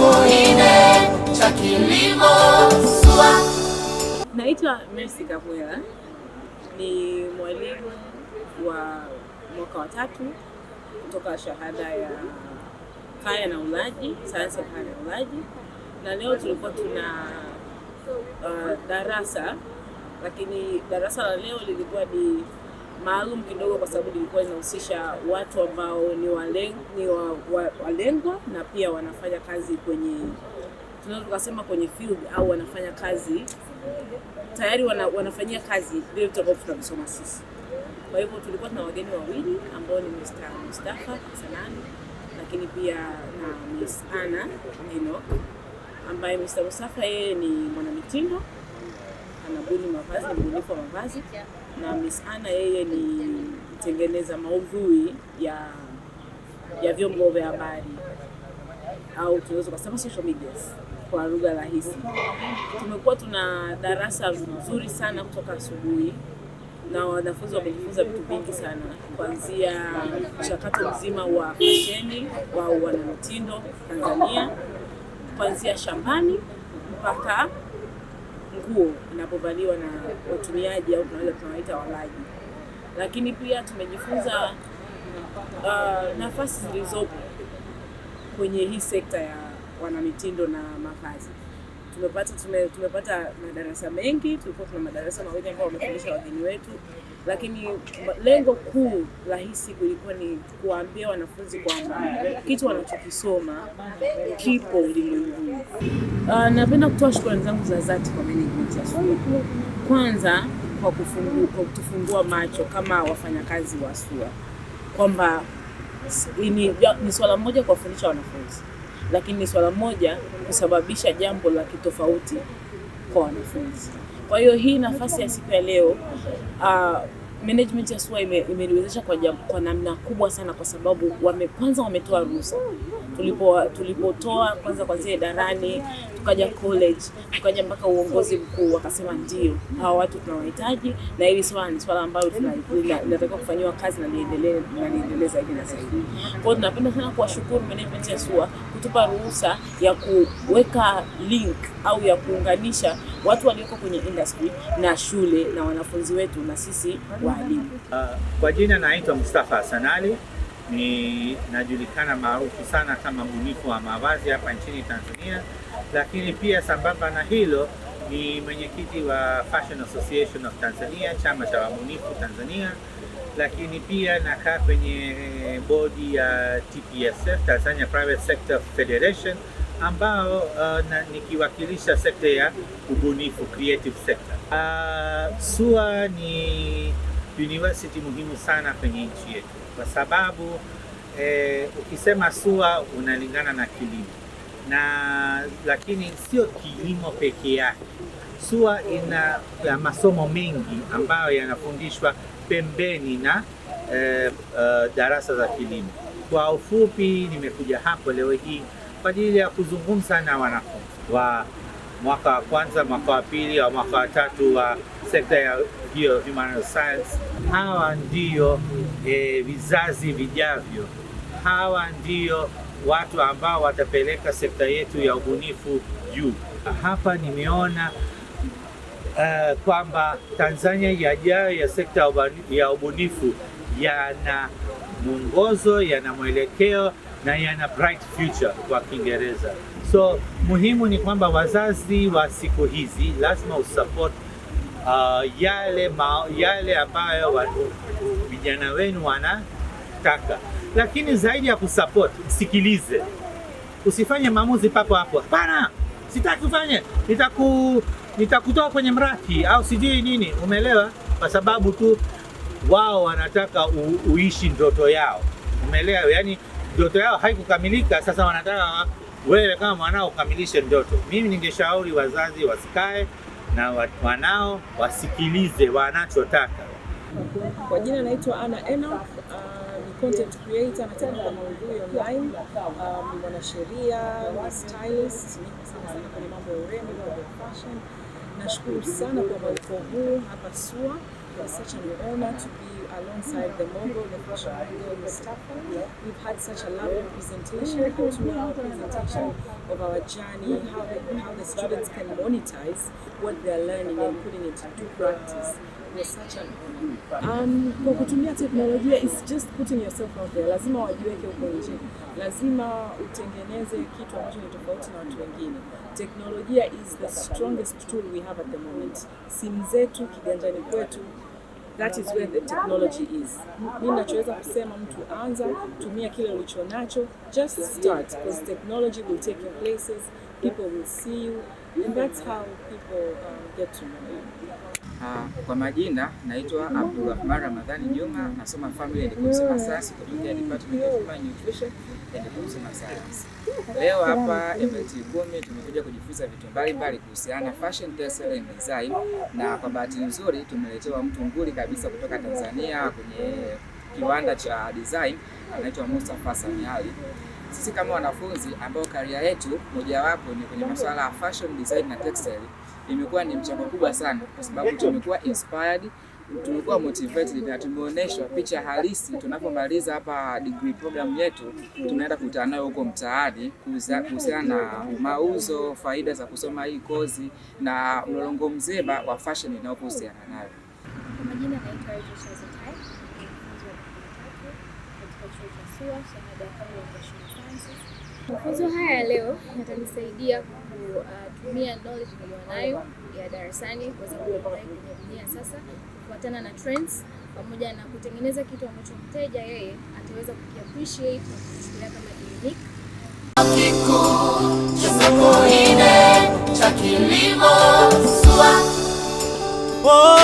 changu nne cha kilimo SUA. Naitwa Mercy Kavwela, ni mwalimu wa mwaka wa tatu kutoka shahada ya kaya na ulaji, sayansi ya kaya na ulaji, na leo tulikuwa tuna uh, darasa, lakini darasa la leo lilikuwa ni maalum kidogo, kwa sababu ilikuwa inahusisha watu ambao ni walengo wa, wa, na pia wanafanya kazi kwenye tunaweza tukasema kwenye field au wanafanya kazi tayari wana, wanafanyia kazi vile vitu ambavyo tunavisoma sisi. Kwa hivyo tulikuwa tuna wageni wawili ambao ni Mr. Mustafa Sanani lakini pia na Miss Anna Nino ambaye Mr. Mustafa yeye ni mwanamitindo, anabuni mavazi, mbunifu wa mavazi na Miss Anna, yeye ni mtengeneza maudhui ya ya vyombo vya habari au tunaweza kusema social media kwa lugha rahisi. Tumekuwa tuna darasa nzuri sana kutoka asubuhi na wanafunzi wamejifunza vitu vingi sana, kuanzia mchakato mzima wa fasheni wa wanamitindo Tanzania, kuanzia shambani mpaka nguo inapovaliwa na watumiaji au tunaweza tunawaita walaji, lakini pia tumejifunza uh, nafasi zilizopo kwenye hii sekta ya wanamitindo na mavazi. Tumepata tume, tumepata madarasa mengi, tulikuwa tuna madarasa mawili ambayo wamefundisha wageni wetu lakini lengo kuu rahisi kulikuwa ni kuwaambia wanafunzi kwamba kitu wanachokisoma kipo ulimwenguni. Uh, napenda kutoa shukrani zangu za dhati kwa management ya SUA, kwanza kwa kufungu, kwa kutufungua macho kama wafanyakazi wa SUA kwamba ni, ni swala moja kuwafundisha wanafunzi, lakini ni swala moja kusababisha jambo la kitofauti kwa wanafunzi. Kwa hiyo hii nafasi ya siku ya leo uh, management ya SUA imeniwezesha ime kwa, kwa namna kubwa sana kwa sababu wame, kwanza wametoa ruhusa tulipotoa tulipo kwanza kwanzia idarani tukaja college tukaja mpaka uongozi mkuu, wakasema ndio hawa watu tunawahitaji, na hili swala ni swala ambalo linatakiwa kufanyiwa kazi na liendelee na zaidi na zaidi. Kwa hiyo tunapenda sana kuwashukuru management ya SUA kutupa ruhusa ya kuweka link au ya kuunganisha watu walioko kwenye industry na shule na wanafunzi wetu na sisi waalimu. Uh, ah, kwa jina naitwa Mustafa sanali ni najulikana maarufu sana kama bunifu wa mavazi hapa nchini Tanzania, lakini pia sambamba na hilo ni mwenyekiti wa Fashion Association of Tanzania, chama cha wabunifu Tanzania, lakini pia nakaa kwenye bodi ya TPSF, Tanzania Private Sector Federation ambao uh, na, nikiwakilisha sekta ya ubunifu creative sector. Uh, SUA ni university muhimu sana kwenye nchi yetu kwa sababu eh, ukisema SUA unalingana na kilimo na lakini sio kilimo peke yake. SUA ina ya masomo mengi ambayo yanafundishwa pembeni na eh, uh, darasa za kilimo. Kwa ufupi, nimekuja hapo leo hii kwa ajili ya kuzungumza na wanafunzi wa mwaka wa kwanza, mwaka wa pili wa mwaka wa tatu wa sekta ya hiyo human science. Hawa ndio e, vizazi vijavyo. Hawa ndio watu ambao watapeleka sekta yetu ya ubunifu juu. Hapa nimeona uh, kwamba Tanzania yajayo ya sekta ya ubunifu yana mwongozo, yana mwelekeo na yana bright future kwa Kiingereza. So muhimu ni kwamba wazazi wa siku hizi lazima usupport uh, yale, ma, yale ambayo vijana wenu wanataka, lakini zaidi ya kusupport, msikilize. Usifanye maamuzi papo hapo, hapana, sitaki ufanye, nitaku nitakutoa kwenye mradi au sijui nini, umeelewa? Kwa sababu tu wao wanataka u, uishi ndoto yao, umeelewa? yani ndoto yao haikukamilika. Sasa wanataka wewe kama mwanao ukamilishe ndoto. Mimi ningeshauri wazazi wasikae na wanao, wasikilize wanachotaka. Kwa jina naitwa Anna Enoch. Uh, ni content creator na tena maudhui online. Um, ni mwanasheria, na stylist, niko sana sana kwenye mambo ya urembo, na fashion. Nashukuru sana kwa mwaliko huu hapa SUA. It's such an honor to be alongside the mogul, the fashion mogul Mustafa. We've had such a lovely presentation, a to make presentation of our journey, how the, how the students can monetize what they're learning and putting it into practice. Um, kwa kutumia teknolojia is just putting yourself out there. Lazima wajiweke huko nje, lazima utengeneze kitu ambacho ni tofauti na watu wengine. Teknolojia is the strongest tool we have at the moment. Simu zetu kiganjani kwetu That is where the technology is. Mimi nachoweza kusema mtu anza, tumia kile ulichonacho, just start because technology will take you places, people will see you And that's how people um, get to know you. Uh, kwa majina naitwa Abdulrahman Ramadhani Juma, nasoma Family and Consumer Science kutoka Department of Human Nutrition and Consumer Science. Leo hapa MIT Gumi tumekuja kujifunza vitu mbalimbali kuhusiana fashion textile and design, na kwa bahati nzuri tumeletewa mtu nguli kabisa kutoka Tanzania kwenye kiwanda cha design anaitwa Mustafa Samiali sisi kama wanafunzi ambao karia yetu mojawapo ni kwenye masuala ya fashion design na textile, imekuwa ni mchango kubwa sana, kwa sababu tumekuwa inspired, tumekuwa motivated na tumeonyeshwa picha halisi. Tunapomaliza hapa degree program yetu, tunaenda kukutana nayo huko mtaani kuhusiana na mauzo, faida za kusoma hii kozi na mlolongo mzima wa fashion inayohusiana nayo kutoka chuo cha SUA cha mada ya Family Education Sciences. Mafunzo haya ya leo yatanisaidia kutumia knowledge niliyo nayo ya darasani kuweza kuiapply kwenye dunia sasa, kufuatana na trends pamoja na kutengeneza kitu ambacho mteja yeye ataweza kukiappreciate na kuchukulia kama unique. Kilimo SUA oh.